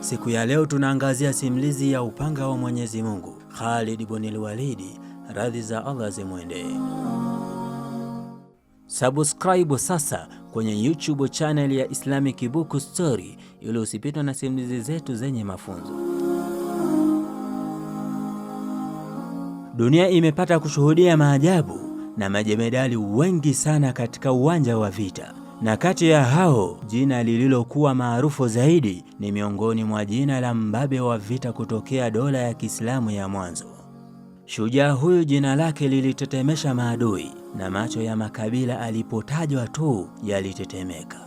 Siku ya leo tunaangazia simulizi ya upanga wa Mwenyezi Mungu, Khalid ibn Walidi, radhi za Allah zimwendee. Subscribe sasa kwenye YouTube channel ya Islamic Book Story ili usipitwe na simulizi zetu zenye mafunzo. Dunia imepata kushuhudia maajabu na majemedali wengi sana katika uwanja wa vita na kati ya hao jina lililokuwa maarufu zaidi ni miongoni mwa jina la mbabe wa vita kutokea dola ya Kiislamu ya mwanzo. Shujaa huyu jina lake lilitetemesha maadui na macho ya makabila alipotajwa tu yalitetemeka.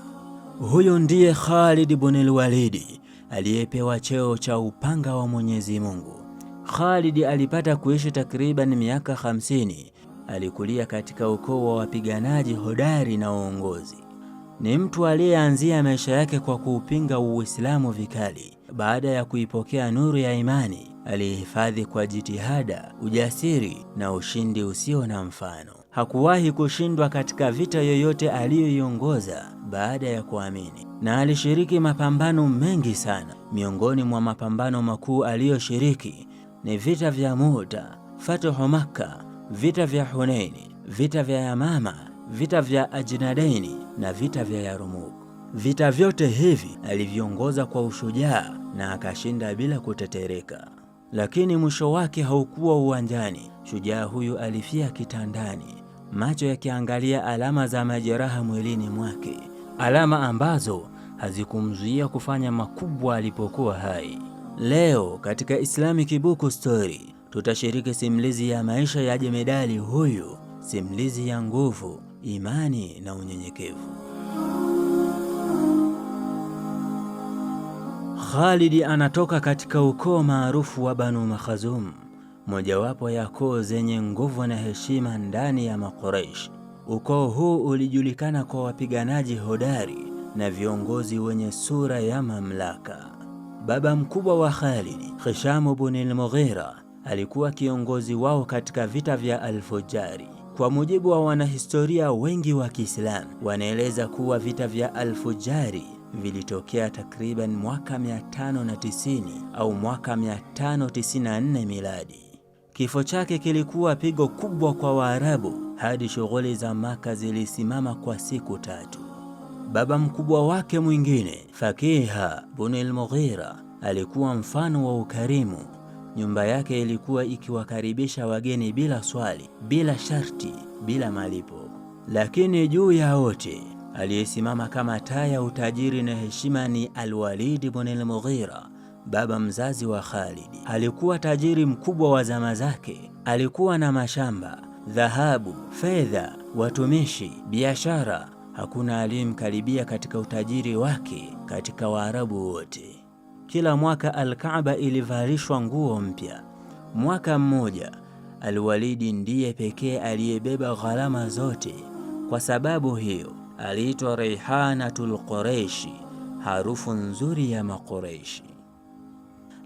Huyu ndiye Khalid bin al-Walid aliyepewa cheo cha upanga wa Mwenyezi Mungu. Khalid alipata kuishi takriban miaka 50. Alikulia katika ukoo wa wapiganaji hodari na uongozi. Ni mtu aliyeanzia maisha yake kwa kuupinga Uislamu vikali. Baada ya kuipokea nuru ya imani, alihifadhi kwa jitihada, ujasiri na ushindi usio na mfano. Hakuwahi kushindwa katika vita yoyote aliyoiongoza baada ya kuamini, na alishiriki mapambano mengi sana. Miongoni mwa mapambano makuu aliyoshiriki ni vita vya Muta, Fathu Makka, vita vya huneini vita vya Yamama vita vya Ajnadaini na vita vya Yarmouk. Vita vyote hivi aliviongoza kwa ushujaa na akashinda bila kutetereka, lakini mwisho wake haukuwa uwanjani. Shujaa huyu alifia kitandani, macho yakiangalia alama za majeraha mwilini mwake, alama ambazo hazikumzuia kufanya makubwa alipokuwa hai. Leo katika Islamic Book Story tutashiriki simulizi ya maisha ya jemedali huyu, simulizi ya nguvu imani na unyenyekevu. khalidi anatoka katika ukoo maarufu wa Banu Makhazum, mojawapo ya koo zenye nguvu na heshima ndani ya Makuraish. Ukoo huu ulijulikana kwa wapiganaji hodari na viongozi wenye sura ya mamlaka. Baba mkubwa wa Khalidi, Hishamu bin al-Mughira, alikuwa kiongozi wao katika vita vya Al-Fujari. Kwa mujibu wa wanahistoria wengi wa Kiislamu, wanaeleza kuwa vita vya Alfujari vilitokea takriban mwaka 590 au mwaka 594 miladi. Kifo chake kilikuwa pigo kubwa kwa Waarabu hadi shughuli za Maka zilisimama kwa siku tatu. Baba mkubwa wake mwingine Fakiha Bunil Mughira alikuwa mfano wa ukarimu Nyumba yake ilikuwa ikiwakaribisha wageni bila swali, bila sharti, bila malipo. Lakini juu ya wote aliyesimama kama taa ya utajiri na heshima ni alwalidi ibn al baba mzazi wa Khalid. Alikuwa tajiri mkubwa wa zama zake. Alikuwa na mashamba, dhahabu, fedha, watumishi, biashara. Hakuna aliyemkaribia katika utajiri wake katika Waarabu wote. Kila mwaka Alkaaba ilivalishwa nguo mpya. Mwaka mmoja Alwalidi ndiye pekee aliyebeba gharama zote. Kwa sababu hiyo aliitwa Reihanatul Qureishi, harufu nzuri ya Maqureishi.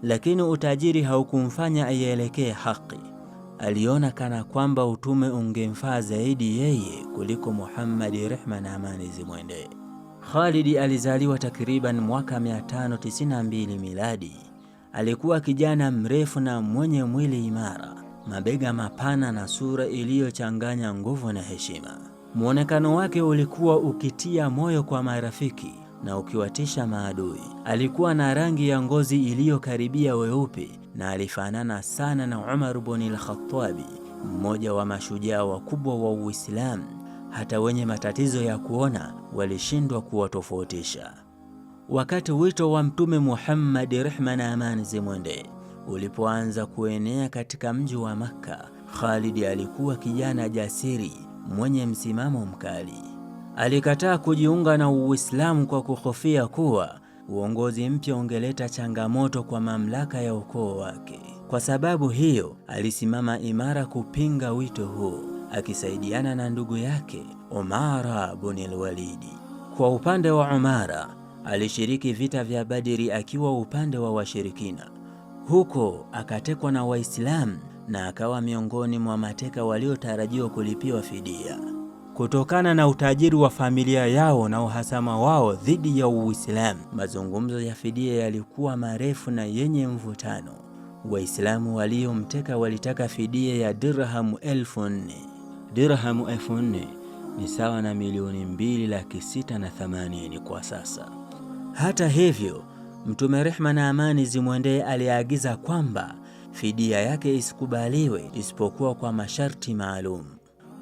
Lakini utajiri haukumfanya aielekee haki. Aliona kana kwamba utume ungemfaa zaidi yeye kuliko Muhammadi, rehma na amani zimwendee. Khalid alizaliwa takriban mwaka 592 miladi. Alikuwa kijana mrefu na mwenye mwili imara, mabega mapana na sura iliyochanganya nguvu na heshima. Muonekano wake ulikuwa ukitia moyo kwa marafiki na ukiwatisha maadui. Alikuwa na rangi ya ngozi iliyokaribia weupe na alifanana sana na Umar bin al khattab mmoja wa mashujaa wakubwa wa Uislamu hata wenye matatizo ya kuona walishindwa kuwatofautisha. Wakati wito wa Mtume Muhammad, rehma na amani zimwende, ulipoanza kuenea katika mji wa Makka, Khalid alikuwa kijana jasiri mwenye msimamo mkali. Alikataa kujiunga na Uislamu kwa kuhofia kuwa uongozi mpya ungeleta changamoto kwa mamlaka ya ukoo wake. Kwa sababu hiyo, alisimama imara kupinga wito huo akisaidiana na ndugu yake Umara bin al-Walidi. Kwa upande wa Umara, alishiriki vita vya Badiri akiwa upande wa washirikina. Huko akatekwa na Waislamu na akawa miongoni mwa mateka waliotarajiwa kulipiwa fidia. Kutokana na utajiri wa familia yao na uhasama wao dhidi ya Uislamu, mazungumzo ya fidia yalikuwa marefu na yenye mvutano. Waislamu waliomteka walitaka fidia ya dirhamu elfu nne dirhamu elfu nne ni sawa na milioni mbili laki sita na thamanini kwa sasa. Hata hivyo, Mtume rehma na amani zimwendee aliyeagiza kwamba fidia yake isikubaliwe isipokuwa kwa masharti maalum: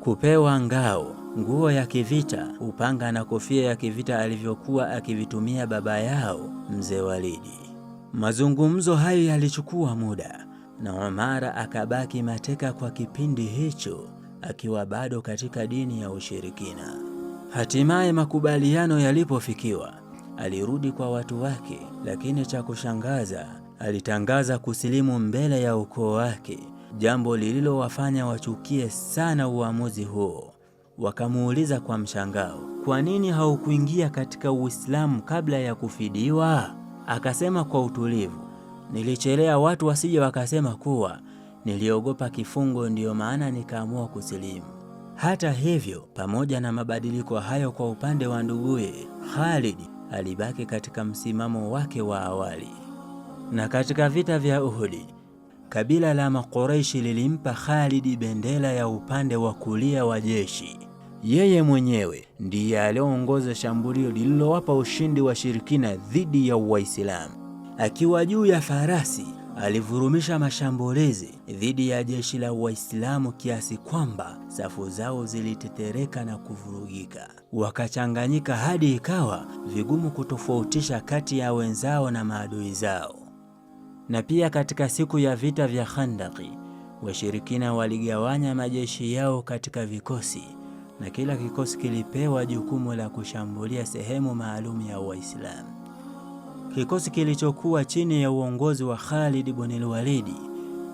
kupewa ngao, nguo ya kivita, upanga na kofia ya kivita alivyokuwa akivitumia baba yao mzee Walidi. Mazungumzo hayo yalichukua muda na omara akabaki mateka kwa kipindi hicho akiwa bado katika dini ya ushirikina. Hatimaye makubaliano yalipofikiwa, alirudi kwa watu wake, lakini cha kushangaza, alitangaza kusilimu mbele ya ukoo wake, jambo lililowafanya wachukie sana uamuzi huo. Wakamuuliza kwa mshangao, kwa nini haukuingia katika Uislamu kabla ya kufidiwa? Akasema kwa utulivu, nilichelea watu wasije wakasema kuwa Niliogopa kifungo, ndiyo maana nikaamua kusilimu. Hata hivyo, pamoja na mabadiliko hayo kwa upande wa nduguye, Khalid alibaki katika msimamo wake wa awali. Na katika vita vya Uhudi, kabila la Makoreishi lilimpa Khalid bendera ya upande wa kulia wa jeshi. Yeye mwenyewe ndiye alioongoza shambulio lililowapa ushindi washirikina dhidi ya Waislamu akiwa juu ya farasi alivurumisha mashambulizi dhidi ya jeshi la Waislamu kiasi kwamba safu zao zilitetereka na kuvurugika, wakachanganyika hadi ikawa vigumu kutofautisha kati ya wenzao na maadui zao. Na pia katika siku ya vita vya Khandaki, washirikina waligawanya majeshi yao katika vikosi na kila kikosi kilipewa jukumu la kushambulia sehemu maalum ya Waislamu. Kikosi kilichokuwa chini ya uongozi wa Khalid al Walid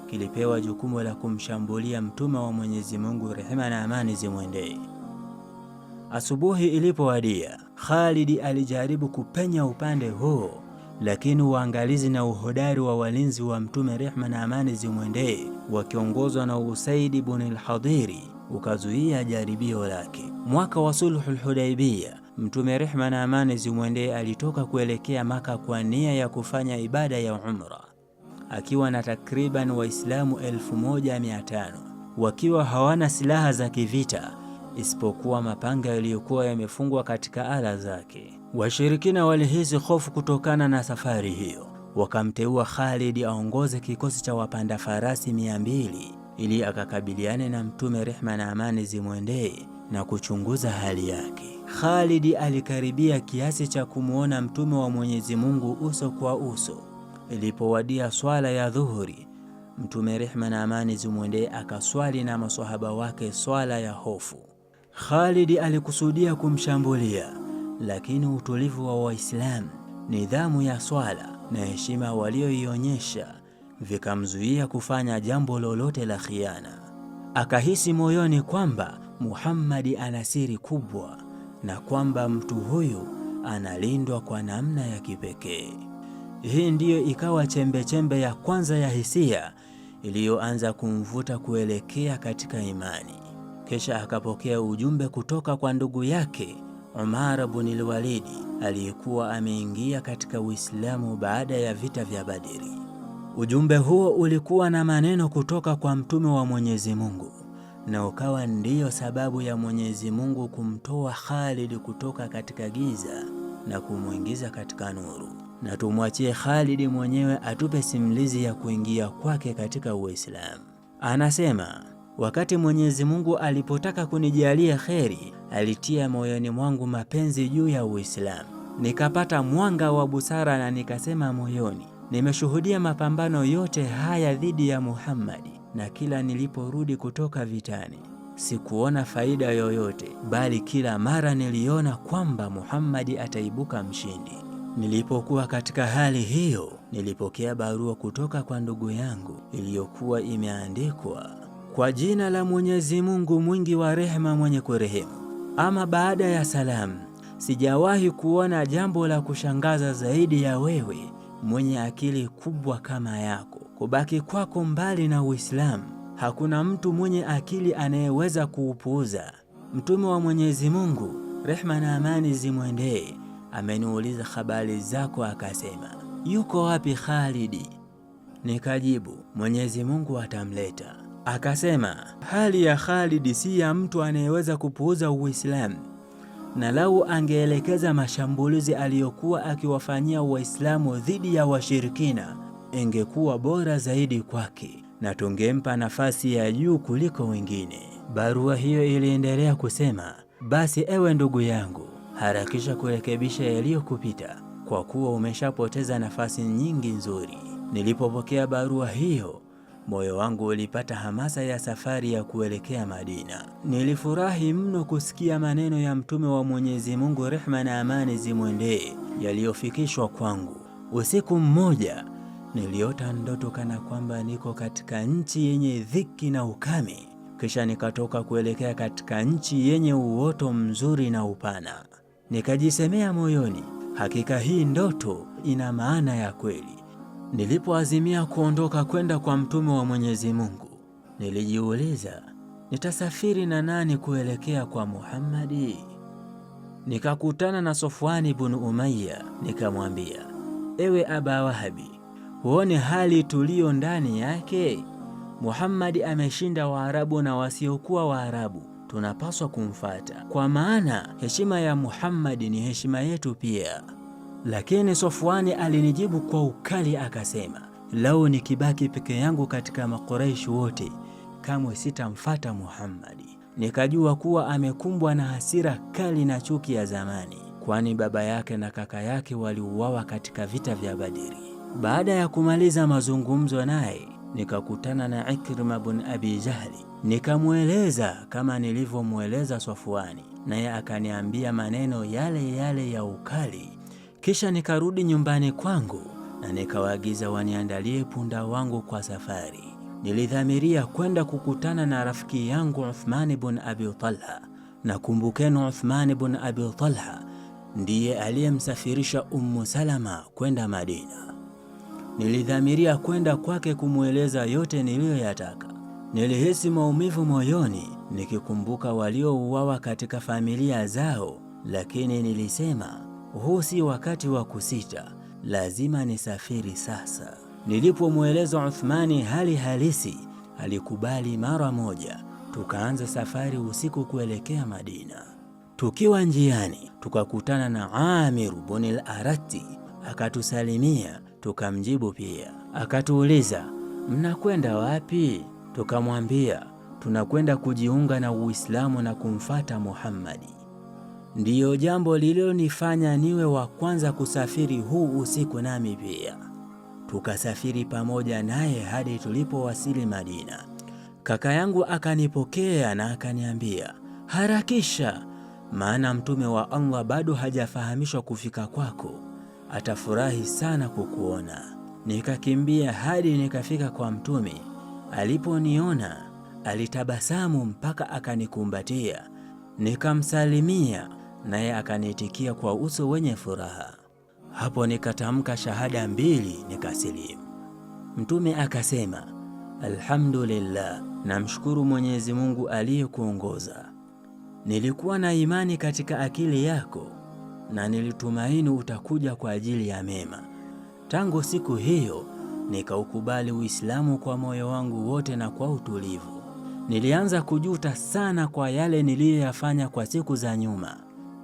kilipewa jukumu la kumshambulia mtume wa Mwenyezi Mungu, rehema na amani zimwendee. Asubuhi ilipowadia, Khalid alijaribu kupenya upande huo, lakini uangalizi na uhodari wa walinzi wa mtume, rehema na amani zimwendee, wakiongozwa na Usaid ibn al-Hadiri ukazuia jaribio lake. Mwaka wa sulhul hudaybiyah Mtume rehma na amani zimwendee alitoka kuelekea Maka kwa nia ya kufanya ibada ya umra akiwa na takriban Waislamu 1500 wakiwa hawana silaha za kivita isipokuwa mapanga yaliyokuwa yamefungwa katika ala zake. Washirikina walihisi hofu kutokana na safari hiyo, wakamteua Khalid aongoze kikosi cha wapanda farasi 200 ili akakabiliane na Mtume rehma na amani zimwendee na kuchunguza hali yake. Khalid alikaribia kiasi cha kumwona mtume wa Mwenyezi Mungu uso kwa uso. Ilipowadia swala ya dhuhuri, mtume rehma na amani zimwendee akaswali na maswahaba wake swala ya hofu. Khalid alikusudia kumshambulia, lakini utulivu wa Waislamu, nidhamu ya swala na heshima walioionyesha vikamzuia kufanya jambo lolote la khiana. Akahisi moyoni kwamba Muhammad ana siri kubwa na kwamba mtu huyu analindwa kwa namna ya kipekee. Hii ndiyo ikawa chembe chembe ya kwanza ya hisia iliyoanza kumvuta kuelekea katika imani. Kisha akapokea ujumbe kutoka kwa ndugu yake Umar bin al-Walid aliyekuwa ameingia katika Uislamu baada ya vita vya Badiri. Ujumbe huo ulikuwa na maneno kutoka kwa mtume wa Mwenyezi Mungu na ukawa ndiyo sababu ya Mwenyezi Mungu kumtoa Khalid kutoka katika giza na kumwingiza katika nuru. Na tumwachie Khalid mwenyewe atupe simulizi ya kuingia kwake katika Uislamu. Anasema, wakati Mwenyezi Mungu alipotaka kunijalia kheri, alitia moyoni mwangu mapenzi juu ya Uislamu. Nikapata mwanga wa busara na nikasema moyoni, nimeshuhudia mapambano yote haya dhidi ya Muhammadi na kila niliporudi kutoka vitani sikuona faida yoyote, bali kila mara niliona kwamba Muhammad ataibuka mshindi. Nilipokuwa katika hali hiyo, nilipokea barua kutoka kwa ndugu yangu iliyokuwa imeandikwa kwa jina la Mwenyezi Mungu mwingi wa rehema, mwenye kurehemu. Ama baada ya salamu, sijawahi kuona jambo la kushangaza zaidi ya wewe mwenye akili kubwa kama yako kubaki kwako mbali na Uislamu hakuna mtu mwenye akili anayeweza kuupuuza. Mtume wa Mwenyezi Mungu, rehma na amani zimwendee, ameniuliza habari zako, akasema yuko wapi Khalidi? Nikajibu, Mwenyezi Mungu atamleta. Akasema hali ya Khalidi si ya mtu anayeweza kupuuza Uislamu, na lau angeelekeza mashambulizi aliyokuwa akiwafanyia Waislamu dhidi ya washirikina ingekuwa bora zaidi kwake na tungempa nafasi ya juu kuliko wengine. Barua hiyo iliendelea kusema, basi ewe ndugu yangu, harakisha kurekebisha yaliyokupita kwa kuwa umeshapoteza nafasi nyingi nzuri. Nilipopokea barua hiyo, moyo wangu ulipata hamasa ya safari ya kuelekea Madina. Nilifurahi mno kusikia maneno ya Mtume wa Mwenyezi Mungu, rehma na amani zimwendee, yaliyofikishwa kwangu. Usiku mmoja Niliota ndoto kana kwamba niko katika nchi yenye dhiki na ukame, kisha nikatoka kuelekea katika nchi yenye uoto mzuri na upana. Nikajisemea moyoni, hakika hii ndoto ina maana ya kweli. Nilipoazimia kuondoka kwenda kwa mtume wa Mwenyezi Mungu, nilijiuliza nitasafiri na nani kuelekea kwa Muhammadi? Nikakutana na Sofwani bin Umayya, nikamwambia, ewe Aba Wahabi, Huone hali tuliyo ndani yake. Muhammad ameshinda Waarabu na wasiokuwa Waarabu, tunapaswa kumfata kwa maana heshima ya Muhammad ni heshima yetu pia. Lakini Sofwani alinijibu kwa ukali akasema, lau nikibaki peke yangu katika Makuraishi wote kamwe sitamfata Muhammad. Nikajua kuwa amekumbwa na hasira kali na chuki ya zamani, kwani baba yake na kaka yake waliuawa katika vita vya Badiri. Baada ya kumaliza mazungumzo naye nikakutana na Ikrima bin Abi Jahli, nikamweleza kama nilivyomweleza swafuani naye akaniambia maneno yale yale ya ukali. Kisha nikarudi nyumbani kwangu na nikawaagiza waniandalie punda wangu kwa safari. Nilidhamiria kwenda kukutana na rafiki yangu Uthmani bin Abi Talha, na kumbukeni, Uthmani bin Abi Talha ndiye aliyemsafirisha Ummu Salama kwenda Madina. Nilidhamiria kwenda kwake kumweleza yote niliyoyataka. Nilihisi maumivu moyoni nikikumbuka waliouawa katika familia zao, lakini nilisema huu si wakati wa kusita, lazima nisafiri sasa. Nilipomweleza Uthmani hali halisi, alikubali mara moja. Tukaanza safari usiku kuelekea Madina. Tukiwa njiani, tukakutana na Amir bin al-Arati, akatusalimia tukamjibu pia. Akatuuliza, mnakwenda wapi? Tukamwambia, tunakwenda kujiunga na Uislamu na kumfata Muhammadi. Ndiyo jambo lililonifanya niwe wa kwanza kusafiri huu usiku, nami pia tukasafiri pamoja naye hadi tulipowasili Madina. Kaka yangu akanipokea na akaniambia, harakisha, maana mtume wa Allah bado hajafahamishwa kufika kwako atafurahi sana kukuona. Nikakimbia hadi nikafika kwa Mtume. Aliponiona alitabasamu mpaka akanikumbatia. Nikamsalimia naye akaniitikia kwa uso wenye furaha. Hapo nikatamka shahada mbili nikasilimu. Mtume akasema, alhamdulillah, namshukuru Mwenyezi Mungu aliyekuongoza. Nilikuwa na imani katika akili yako na nilitumaini utakuja kwa ajili ya mema. Tangu siku hiyo nikaukubali Uislamu kwa moyo wangu wote na kwa utulivu. Nilianza kujuta sana kwa yale niliyoyafanya kwa siku za nyuma.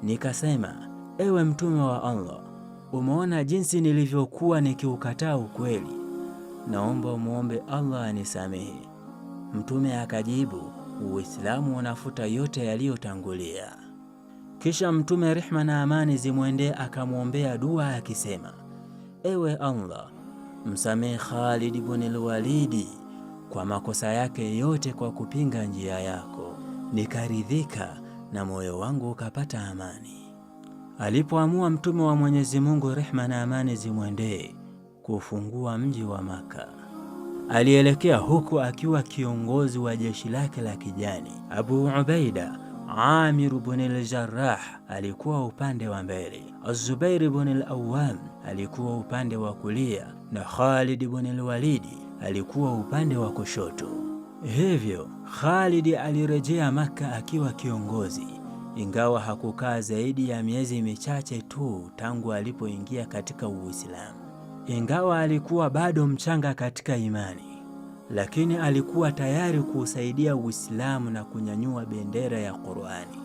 Nikasema, ewe Mtume wa Allah, umeona jinsi nilivyokuwa nikiukataa ukweli, naomba umwombe Allah anisamehe. Mtume akajibu, Uislamu unafuta yote yaliyotangulia. Kisha Mtume rehma na amani zimwendee akamwombea dua akisema, ewe Allah, msamehe Khalid ibn al kwa makosa yake yote kwa kupinga njia yako. Nikaridhika na moyo wangu ukapata amani. Alipoamua Mtume wa Mwenyezi Mungu rehma na amani zimwendee kufungua mji wa Maka, alielekea huku akiwa kiongozi wa jeshi lake la kijani Abu Ubaida Amir ibn al-Jarrah alikuwa upande wa mbele, Zubair ibn al-Awwam alikuwa upande wa kulia na Khalid ibn al walid alikuwa upande wa kushoto. Hivyo Khalid alirejea Makka akiwa kiongozi, ingawa hakukaa zaidi ya miezi michache tu tangu alipoingia katika Uislamu, ingawa alikuwa bado mchanga katika imani lakini alikuwa tayari kuusaidia Uislamu na kunyanyua bendera ya Qur'ani.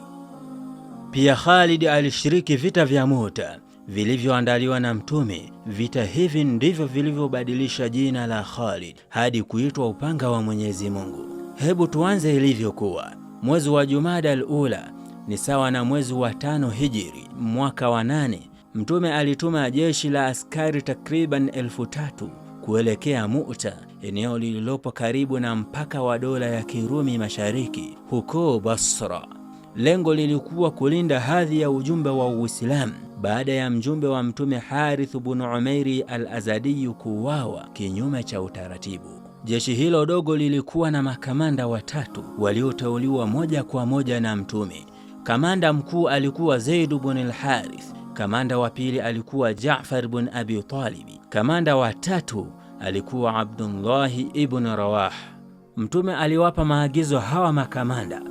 Pia Khalid alishiriki vita vya Muta vilivyoandaliwa na Mtume. Vita hivi ndivyo vilivyobadilisha jina la Khalid hadi kuitwa upanga wa Mwenyezi Mungu. Hebu tuanze ilivyokuwa. Mwezi wa Jumada al-Ula ni sawa na mwezi wa tano Hijiri, mwaka wa nane. Mtume alituma jeshi la askari takriban elfu tatu kuelekea Muta eneo lililopo karibu na mpaka wa dola ya Kirumi Mashariki huko Basra. Lengo lilikuwa kulinda hadhi ya ujumbe wa Uislamu baada ya mjumbe wa Mtume Harith bin Umairi al-Azadi kuuawa kinyume cha utaratibu. Jeshi hilo dogo lilikuwa na makamanda watatu walioteuliwa moja kwa moja na Mtume. Kamanda mkuu alikuwa Zaid bin al-Harith, kamanda wa pili alikuwa Jaafar bin Abi Talib, kamanda wa tatu alikuwa Abdullahi ibn Rawah. Mtume aliwapa maagizo hawa makamanda,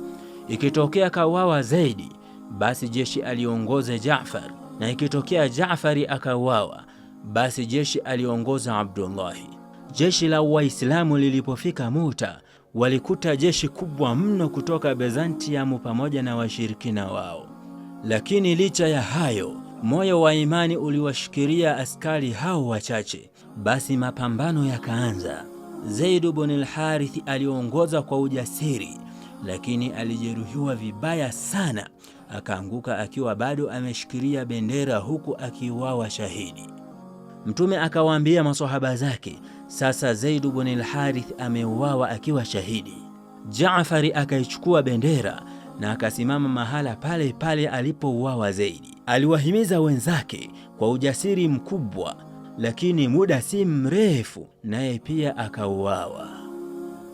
ikitokea kauawa Zaidi, basi jeshi aliongoze Jaafar, na ikitokea Jaafari akauawa, basi jeshi aliongoza Abdullahi. Jeshi la Waislamu lilipofika Muta, walikuta jeshi kubwa mno kutoka Byzantium pamoja na washirikina wao. Lakini licha ya hayo, moyo wa imani uliwashikilia askari hao wachache basi mapambano yakaanza. Zaidu bin al-Harith aliongoza kwa ujasiri, lakini alijeruhiwa vibaya sana, akaanguka akiwa bado ameshikilia bendera, huku akiuawa shahidi. Mtume akawaambia maswahaba zake, sasa Zaidu bin Harith ameuawa akiwa shahidi. Jaafari akaichukua bendera na akasimama mahala pale pale alipouawa Zaidi. Aliwahimiza wenzake kwa ujasiri mkubwa lakini muda si mrefu naye pia akauawa.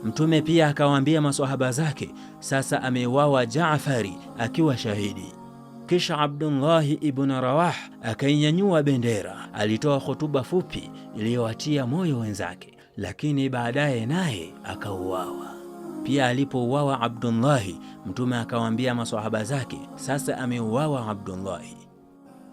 Mtume pia akawaambia maswahaba zake, sasa ameuawa Jaafari akiwa shahidi. Kisha Abdullahi ibn Rawah akainyanyua bendera, alitoa hotuba fupi iliyowatia moyo wenzake, lakini baadaye naye akauawa pia. Alipouawa Abdullahi, Mtume akawaambia maswahaba zake, sasa ameuawa Abdullahi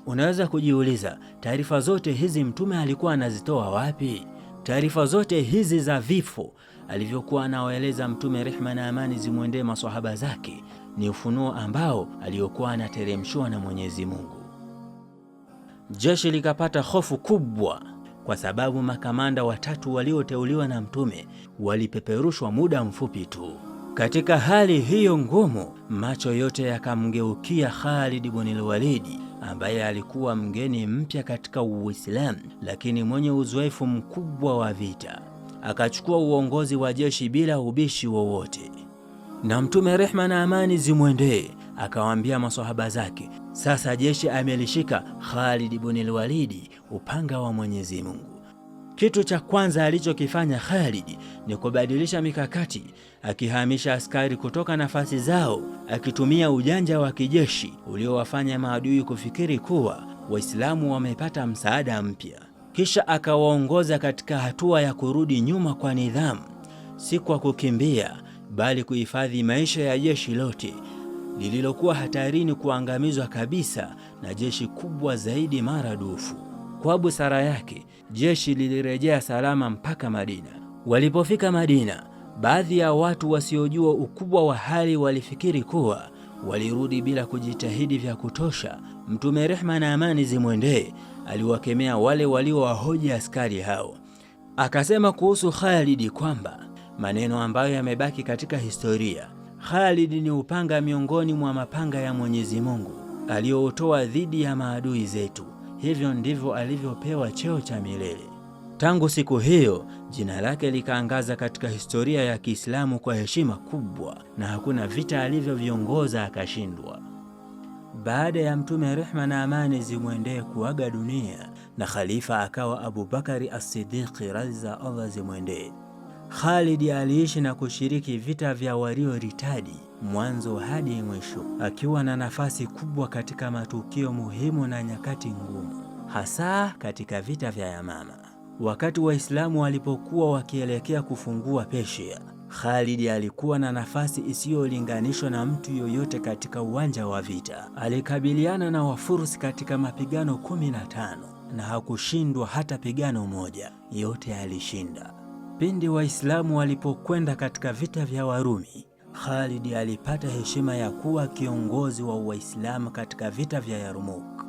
Unaweza kujiuliza taarifa zote hizi mtume alikuwa anazitoa wapi? Taarifa zote hizi za vifo alivyokuwa anawaeleza mtume, rehma na amani zimwendee maswahaba zake, ni ufunuo ambao aliokuwa anateremshiwa na Mwenyezi Mungu. Jeshi likapata hofu kubwa, kwa sababu makamanda watatu walioteuliwa na mtume walipeperushwa muda mfupi tu. Katika hali hiyo ngumu, macho yote yakamgeukia Khalid ibn al-Walid ambaye alikuwa mgeni mpya katika Uislamu, lakini mwenye uzoefu mkubwa wa vita. Akachukua uongozi wa jeshi bila ubishi wowote. Na Mtume rehma na amani zimwendee akawaambia maswahaba zake, sasa jeshi amelishika Khalid ibn al-Walid, upanga wa Mwenyezi Mungu. Kitu cha kwanza alichokifanya Khalid ni kubadilisha mikakati, akihamisha askari kutoka nafasi zao, akitumia ujanja wa kijeshi uliowafanya maadui kufikiri kuwa Waislamu wamepata msaada mpya. Kisha akawaongoza katika hatua ya kurudi nyuma kwa nidhamu, si kwa kukimbia, bali kuhifadhi maisha ya jeshi lote lililokuwa hatarini kuangamizwa kabisa na jeshi kubwa zaidi maradufu. Kwa busara yake jeshi lilirejea salama mpaka Madina. Walipofika Madina, baadhi ya watu wasiojua ukubwa wa hali walifikiri kuwa walirudi bila kujitahidi vya kutosha. Mtume, rehma na amani zimwendee, aliwakemea wale waliowahoji askari hao, akasema kuhusu Khalid kwamba maneno ambayo yamebaki katika historia, Khalid ni upanga miongoni mwa mapanga ya Mwenyezi Mungu aliyotoa dhidi ya maadui zetu. Hivyo ndivyo alivyopewa cheo cha milele. Tangu siku hiyo jina lake likaangaza katika historia ya Kiislamu kwa heshima kubwa, na hakuna vita alivyoviongoza akashindwa. Baada ya Mtume rehma na amani zimwendee kuaga dunia na khalifa akawa Abubakari As-Siddiqi, radhi za Allah zimwendee, Khalid aliishi na kushiriki vita vya walio ritadi mwanzo hadi mwisho, akiwa na nafasi kubwa katika matukio muhimu na nyakati ngumu, hasa katika vita vya Yamama. Wakati Waislamu walipokuwa wakielekea kufungua Persia, Khalid alikuwa na nafasi isiyolinganishwa na mtu yoyote katika uwanja wa vita. Alikabiliana na Wafursi katika mapigano 15 na hakushindwa hata pigano moja, yote alishinda. Pindi Waislamu walipokwenda katika vita vya Warumi, Khalid alipata heshima ya kuwa kiongozi wa Waislamu katika vita vya Yarmouk,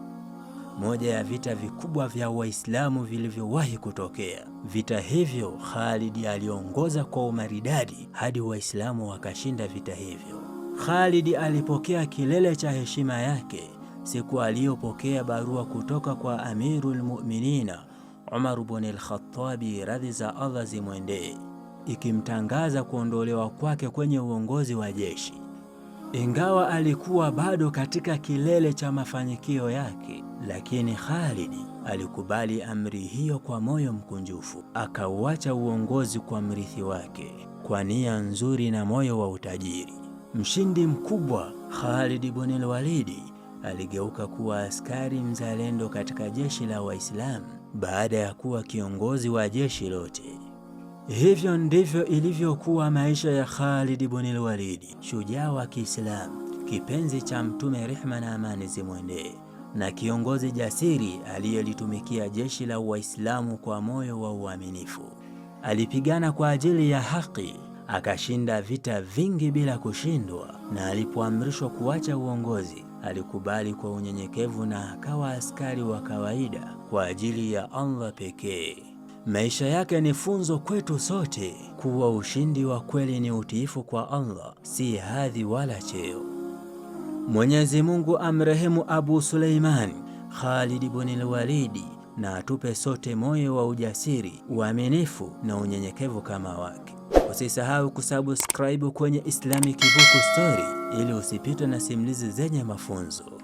moja ya vita vikubwa vya Waislamu vilivyowahi kutokea. Vita hivyo Khalid aliongoza kwa umaridadi hadi Waislamu wakashinda vita hivyo. Khalid alipokea kilele cha heshima yake siku aliyopokea barua kutoka kwa Amirul Mu'minina Umar ibn al-Khattabi, radhi za Allah zimwendee ikimtangaza kuondolewa kwake kwenye uongozi wa jeshi. Ingawa alikuwa bado katika kilele cha mafanikio yake, lakini Khalid alikubali amri hiyo kwa moyo mkunjufu, akauacha uongozi kwa mrithi wake kwa nia nzuri na moyo wa utajiri. Mshindi mkubwa Khalid ibn al-Walid aligeuka kuwa askari mzalendo katika jeshi la Waislamu baada ya kuwa kiongozi wa jeshi lote. Hivyo ndivyo ilivyokuwa maisha ya Khalid al Walid, shujaa wa Kiislamu, kipenzi cha Mtume, rehma na amani zimwendee, na kiongozi jasiri aliyelitumikia jeshi la Waislamu kwa moyo wa uaminifu. Alipigana kwa ajili ya haki, akashinda vita vingi bila kushindwa, na alipoamrishwa kuacha uongozi alikubali kwa unyenyekevu na akawa askari wa kawaida kwa ajili ya Allah pekee. Maisha yake ni funzo kwetu sote kuwa ushindi wa kweli ni utiifu kwa Allah, si hadhi wala cheo. Mwenyezi Mungu amrehemu Abu Suleiman Khalid ibn al-Walid na atupe sote moyo wa ujasiri, uaminifu na unyenyekevu kama wake. Usisahau kusubscribe kwenye Islamic Book Story ili usipitwe na simulizi zenye mafunzo.